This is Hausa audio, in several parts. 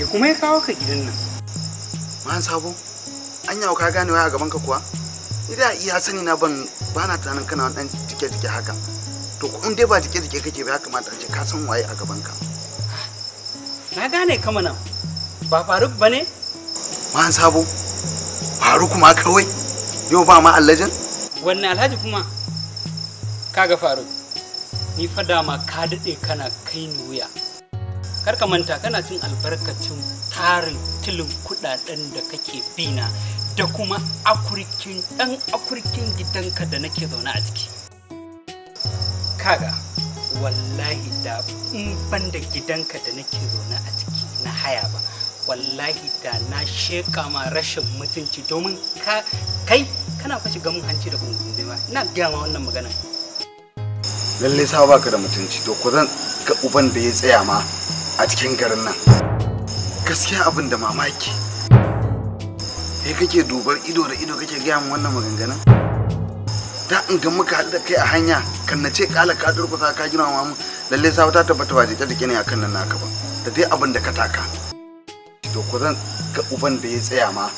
me kuma ya kawo ka gidan nan man sabo an yawo ka gane waya a gaban ka kuwa ida iya sani na ban ba na tunanin kana dan tike tike haka to in dai ba tike tike kake ba ya kamata ce ka san waye a gaban ka na gane kama nan ba faruk bane. ne man sabo faruk ma kawai yau ba ma allajin wanne alhaji kuma kaga faruk ni fa dama ka daɗe kana kai ni wuya kar ka manta kana cin albarkacin tarin tilin kudaden da kake bina da kuma akurkin dan akurkin gidanka da nake zaune a ciki kaga wallahi da in ban da gidanka da nake zaune a ciki na haya ba wallahi da na sheka ma rashin mutunci domin ka kai kana fashi gamin hanci da gungun ba ina gaya ma wannan magana lallai sa baka da mutunci to ko zan ga uban da ya tsaya ma a cikin garin nan gaskiya abin da mamaki kai kake dubar ido da ido kake gaya min wannan maganganun da in ga muka haɗu da kai a hanya kan na ce kala ka durkusa ka gina wa mu lalle sawa ta tabbata ba jita da kine akan nan naka ba da dai abin da ka taka to ku zan ga uban da ya tsaya ma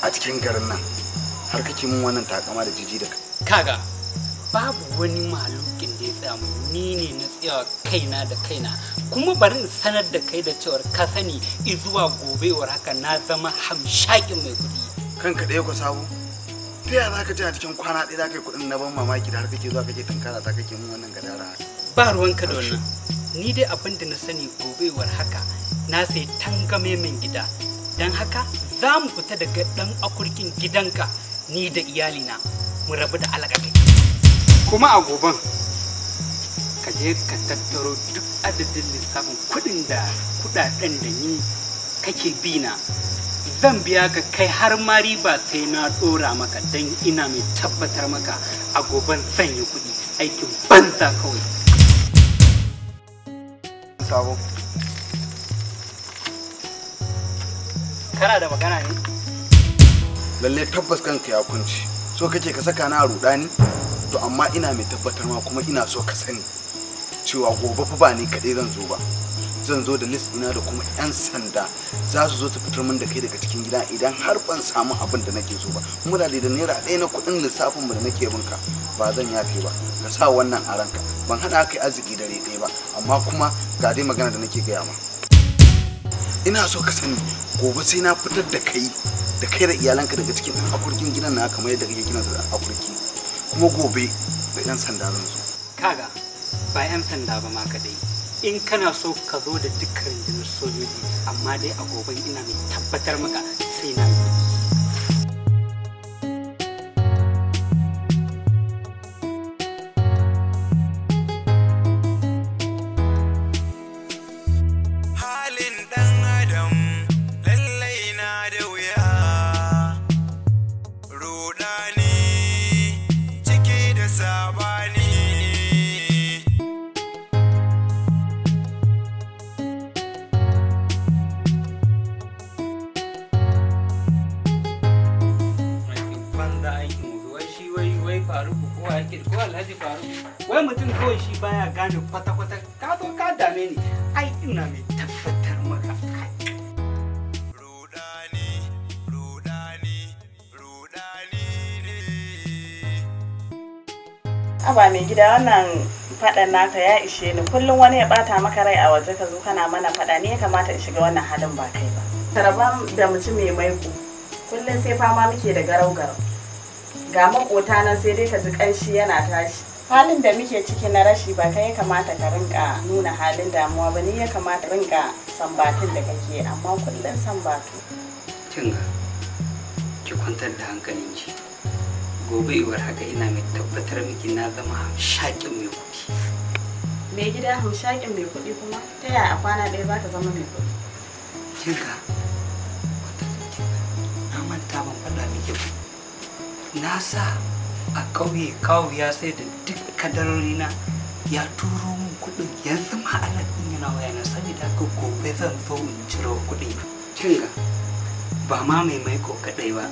a cikin garin nan har kake min wannan takama da jiji da kaga babu wani malu damu ni ne na tsayawa kaina da kaina kuma bari na sanar da kai da cewar ka sani izuwa gobewar haka na zama hamshakin mai kuɗi kanka ɗaya ku sabu ta yaya za ka ji a cikin kwana ɗaya za ka yi kuɗin na ban mamaki da har kake zuwa kake tunkara ta kake mun wannan gadara ba ruwanka da wannan ni dai abin da na sani gobewar haka na sai tangame min gida don haka za mu fita daga ɗan akurkin gidanka ni da iyalina mu rabu da alaƙa kuma a goban je ka tattaro duk adadin lissafin kuɗin da kuɗaɗen da ni kake bina zan biya ka kai har ma riba sai na ɗora maka don ina mai tabbatar maka a goban sanya kudi aikin banza kawai kana da magana ne lalle tabbas kanka ya kunci so kake ka saka na a rudani to amma ina mai tabbatar ma kuma ina so ka sani cewa gobe fa ba ni kadai zan zo ba zan zo da list ina da kuma 'yan sanda za su zo su fitar min da kai daga cikin gida idan har ban samu abin da nake so ba kuma da naira ɗaya na kuɗin lissafin mu da nake binka ba zan yafe ba ka sa wannan a ranka ban haɗa kai arziki dare ɗaya ba amma kuma ga dai magana da nake gaya ma ina so ka sani gobe sai na fitar da kai da kai da iyalanka daga cikin ɗan akurkin gidan na kamar yadda kake kiransa da akurki kuma gobe da 'yan sanda zan zo kaga ba 'yan sanda ba ma kadai in kana so ka zo da dukkan jinin sojoji amma dai a gogon ina mai tabbatar maka sai na alhaji faru wai mutum kawai shi baya gane kwata-kwata ka zo ka dame ni ai ina mai tabbatar maka Aba mai gida wannan faɗan naka ya ishe ni kullum wani ya ɓata maka rai a waje ka zo kana mana faɗa ne ya kamata in shiga wannan halin ba kai ba. Taraba da mutum mai maiko kullum sai fama muke da garau garau. ga makota nan sai dai ka ji kanshi yana tashi halin da muke ciki na rashi ba kai kamata ka rinka nuna halin damuwa ba ni ya kamata rinka sambatin da kake amma kullum sambatu kinga ki kwantar da hankalin ki gobe iwar haka ina mai tabbatar miki na zama shakin mai kuɗi mai gida hamshakin mai kuɗi kuma ta yaya a kwana ɗaya za ka zama mai kuɗi ga na sa a ƙauye kawo ya sai da duk kadarori na ya turo min kuɗin yanzu ma ana ɗin yana wayana da haka gobe zan zo in ciro kuɗi kinga ba ma mai maiko kaɗai ba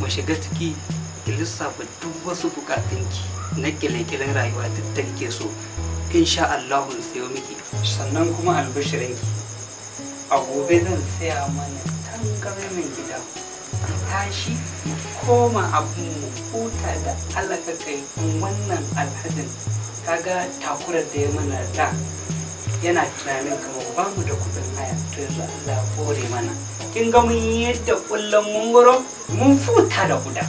mu shiga ciki ki lissafa duk wasu ki na kile-kilen rayuwa duk da kike so insha Allah sayo miki sannan kuma ki, a gobe zan saya mana tangare min gida tashi koma abu mu huta da alaka kai wannan alhajin kaga takurar da ya mana da yana tunanin kamar ba mu da kudin haya to yanzu Allah kore mana kin ga mun yadda kullum mun goro mun futa da guda?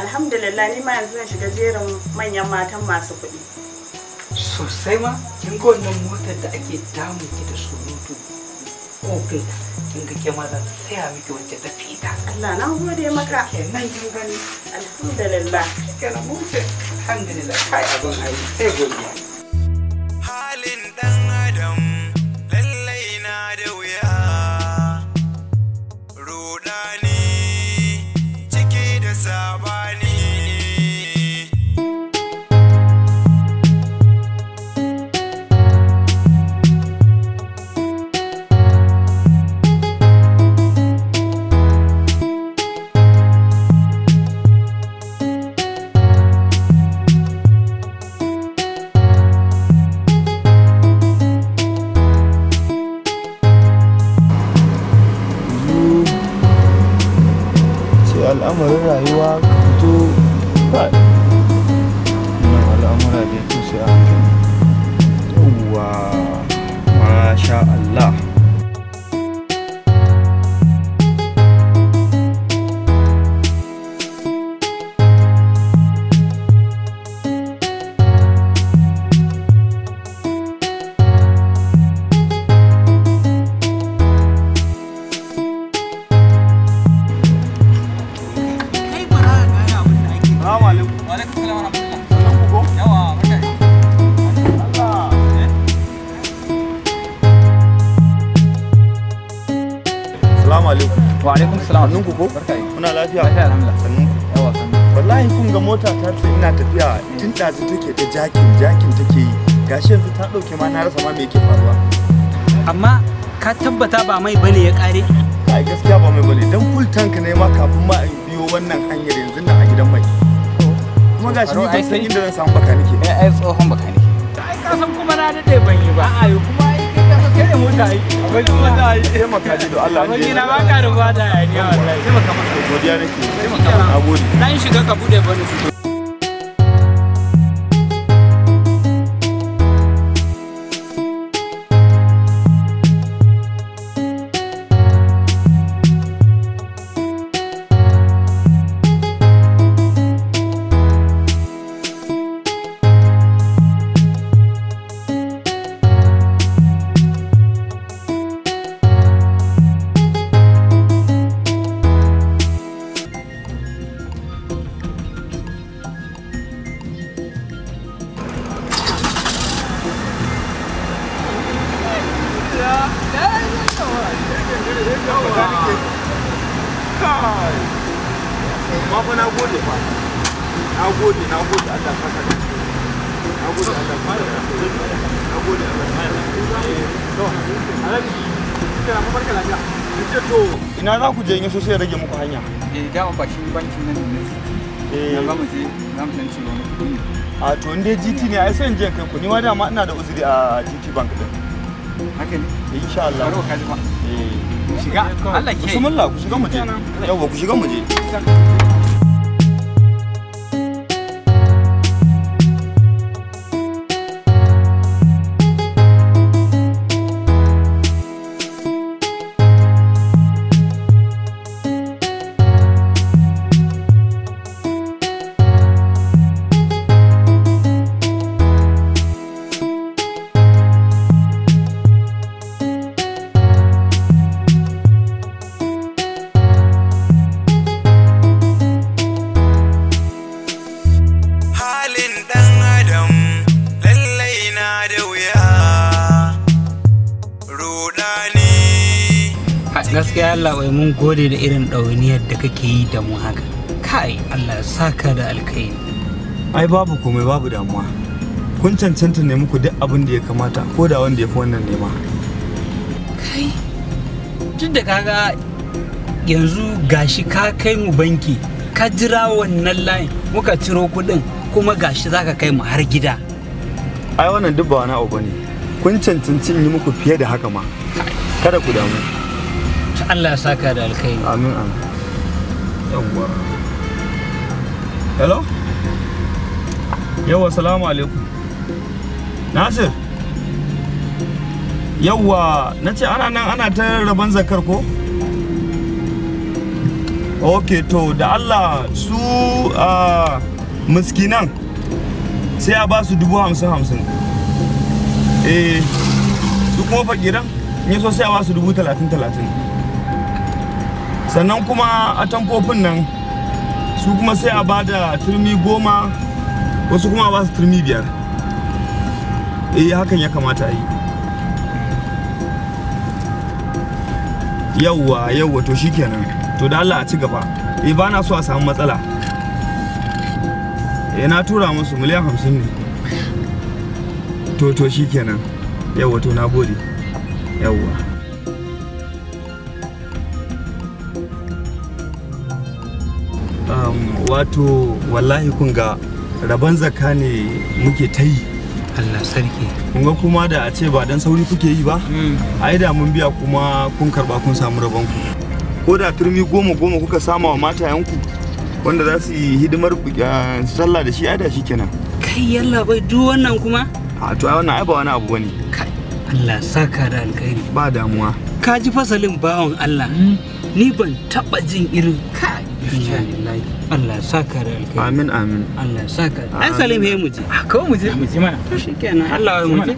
alhamdulillah ni ma yanzu zan shiga jerin manyan matan masu kuɗi sosai ma kin ga wannan motar da ake damu ki da surutu ofe kin ga ke ma zan saya miki wacce ta ta. Allah na gode maka kenan kin gani alhamdulillah kenan mu ce alhamdulillah kai abun ayi sai godiya al'amarin rayuwa to kai al'amura dai to sai a hankali yawwa masha Allah sannun ko muna lafiya sannun yawa wallahi kun ga mota ta ce ina tafiya tun ɗazu take ta jakin jakin take yi gashi yanzu ta ɗauke ma na rasa ma me yake faruwa amma ka tabbata ba mai bane ya ƙare ai gaskiya ba mai bane dan full tank ne ma kafin ma in biyo wannan hanyar yanzu nan a gidan mai kuma gashi ni ban san inda zan samu bakanike ai tsohon bakanike ai ka san kuma na dade ban yi ba a'a kai da mota ai akwai da mota ai sai maka ji da Allah ne na baka da bada ya wallahi sai maka masa godiya nake sai maka na dan shiga ka bude bani ne so sai rage muku hanya eh dama ba shi bankin nan ne eh ga mu je nan nan ci ciro a to in GT ne ai sai in je kai ku ni ma dama ina da uzuri a GT bank din haka ne insha Allah baro ka ji ma eh shiga Allah ke bismillah ku shiga mu je yawa ku shiga mu je gode da irin ɗawainiyar da kake yi da mu haka kai allah saka da alkai ai babu komai babu damuwa kun cancanta ne muku duk abin da ya kamata ko da wanda ya fi wannan nema kai tun da kaga yanzu gashi ka kai mu banki ka jira wannan layin muka ciro kuɗin kuma gashi zaka kai mu har gida ai wannan duk ba wani abu ne kun cancanci ne muku fiye da haka ma kada ku damu Allah ya saka da alkhairi amin amin yawwa hello yawwa salamu alaikum nasir yawwa na ce ana nan ana ta rabon zakar ko ok to da allah su uh, miskinan sai a ba su dubu hamsin hamsin eh su kuma fakiran Ni so sai a ba su dubu talatin talatin sannan kuma a tankofin nan su kuma sai a bada turmi goma wasu kuma ba su turmi biyar eh hakan ya kamata a yi yawwa yawwa to shikenan to da Allah a ci gaba eh ba na so a samu matsala eh na tura musu miliyan hamsin ne to to shikenan yawwa to na gode yawwa wato wallahi kun ga rabon zaka ne muke ta yi Allah sarki kun ga kuma da a ce ba dan sauri kuke yi ba hmm. ai da mun biya kuma kun karba kun samu rabon ku ko da turmi goma goma kuka sama wa matayenku wanda za su yi hidimar eh, sallah da shi ai da shi kenan kai yalla bai duk wannan kuma a to ai wannan ai ba wani abu bane Allah saka da alkhairi ba damuwa ka ji fasalin bawon Allah hmm. ni ban taba jin irin kai Allah ya saka da alkai amin amin Allah ya saka an salim he muje ko muje muje mana to Allah ya muje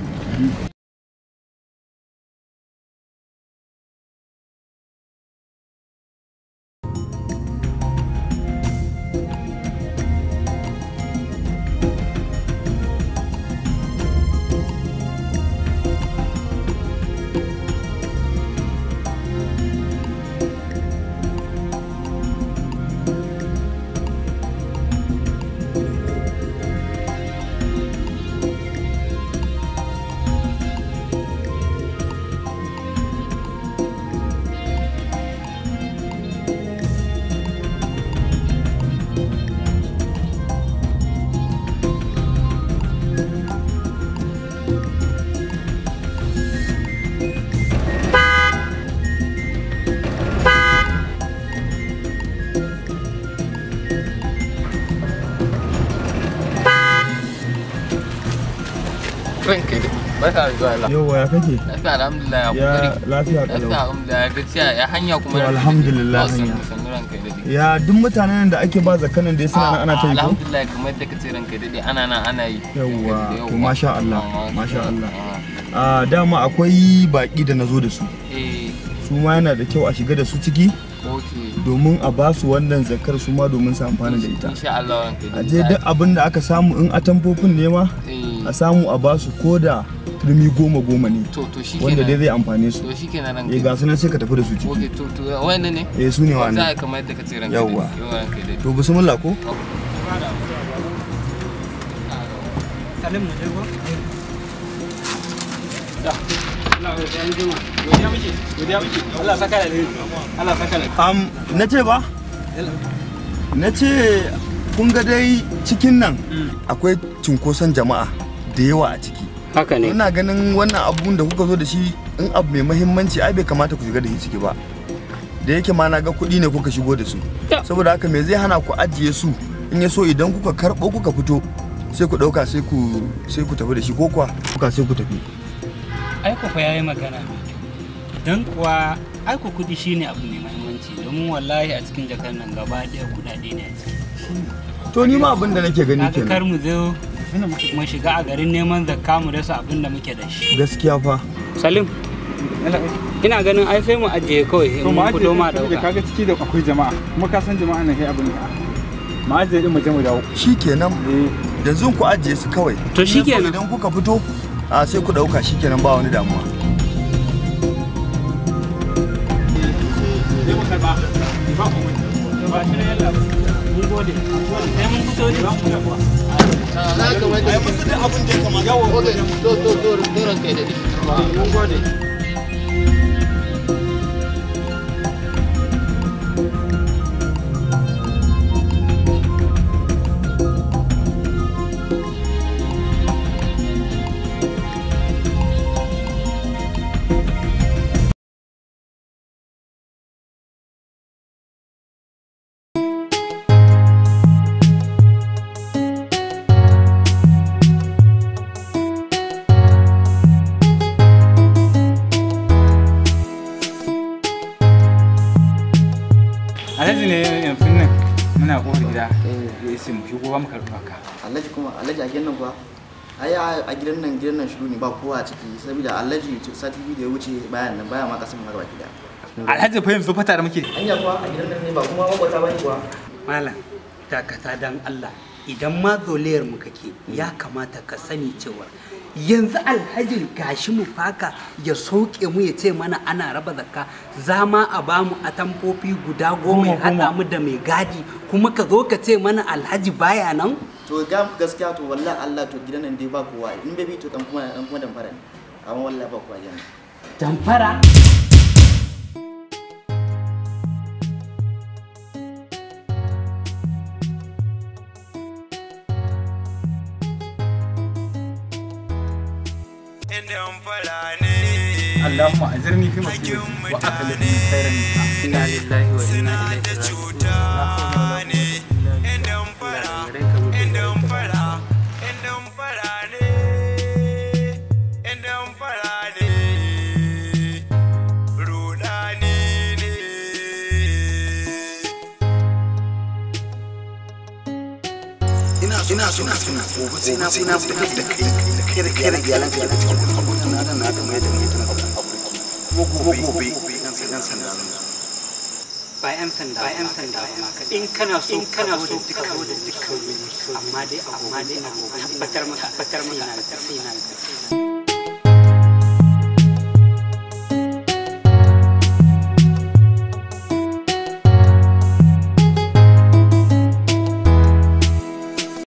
ranka da barka zuwa yawa ya kake alhamdulillah ya lafiya kalau lafiya alhamdulillah ya ya hanya kuma alhamdulillah hanya ya duk mutanen da ake ba zakanan da suna ana ta yi alhamdulillah kamar da kace ranka dade ana nan ana yi yawa to masha Allah masha Allah a ah. ah, dama akwai baki da nazo da su eh. su ma yana da kyau a shiga da su ciki domin a ba su wannan zakar su ma domin su amfana da ita a je duk abin da aka samu in atamfofin ne ma eh. a samu a ba su koda turmi goma goma ne wanda dai zai amfane su to shikenan nan eh, ga sunan sai ka tafi da su ciki okay to to wayannan ne eh su ne wannan za ka to bismillah ko salim ko na ce ba na ce kun dai cikin nan mm. akwai cinkoson jama'a da yawa a ciki haka ne ina ganin wannan abun da kuka zo da shi in abu mai muhimmanci ai bai kamata ku shiga da shi ciki ba da yake ma na ga kuɗi ne kuka shigo da su saboda haka me zai hana ku ajiye su in ya so idan kuka karɓo kuka fito sai ku ɗauka sai ku sai ku tafi da shi ko kuwa kuka sai ku tafi ai ku fa yayi magana dan kuwa ai ku kuɗi shine abu mai muhimmanci domin wallahi a cikin jakar nan gaba ɗaya kuɗaɗe ne a ciki to ni ma abin da nake gani kenan kar mu zo kafin mu shiga a garin neman zakka mu rasa abin da muke da shi gaskiya fa salim ina ganin ai sai mu ajiye kawai mu fito ma dauka kaga ciki da akwai jama'a kuma ka san jama'a nan kai abin da mu ajiye din mu je mu dawo shikenan eh. yanzu ku ajiye su kawai to shikenan idan kuka fito a sai ku dauka shikenan ba wani damuwa Ba shi ne yalla, mun gode, sai mun fito ne ba mu kuwa. na ga wanda ya kamata yawa to to to to ranka da ni mun gode na kofi gida ya eh. eh, isi mu shigo ba mu karɓi ka alhaji kuma alhaji a gidan kuwa ai a gidan nan gidan nan shiru ne ba kowa a ciki saboda alhaji sati biyu da ya wuce bayan nan baya ma kasan mu gaba gida alhaji fa yanzu fata da muke anya kuwa a gidan nan ne ba kuma makwata bane kuwa malam dakata dan Allah idan ma zoliyar mu kake ya kamata ka sani cewa yanzu alhajin gashi mu faka ya soke mu ya ce mana ana raba zakka za ma a bamu a tamfofi guda goma ya haɗa mu da mai gadi kuma ka zo ka ce mana alhaji baya nan to ga gaskiya to wallahi Allah to gidan nan dai ba kowa in bai to dan kuma dan kuma dan fara amma wallahi ba kowa yana damfara Allahumma ajirni fi musibati wa akhlif li inna lillahi wa inna ilaihi ina so na suna gobe sai na fitar da kai da kai da kai da iyalanka da cikin abokin na da na da mai da mai da kuma gobe yan sanda ba yan sanda ba yan sanda in kana so kana so duka da dukkan amma dai amma dai tabbatar maka tabbatar maka tabbatar maka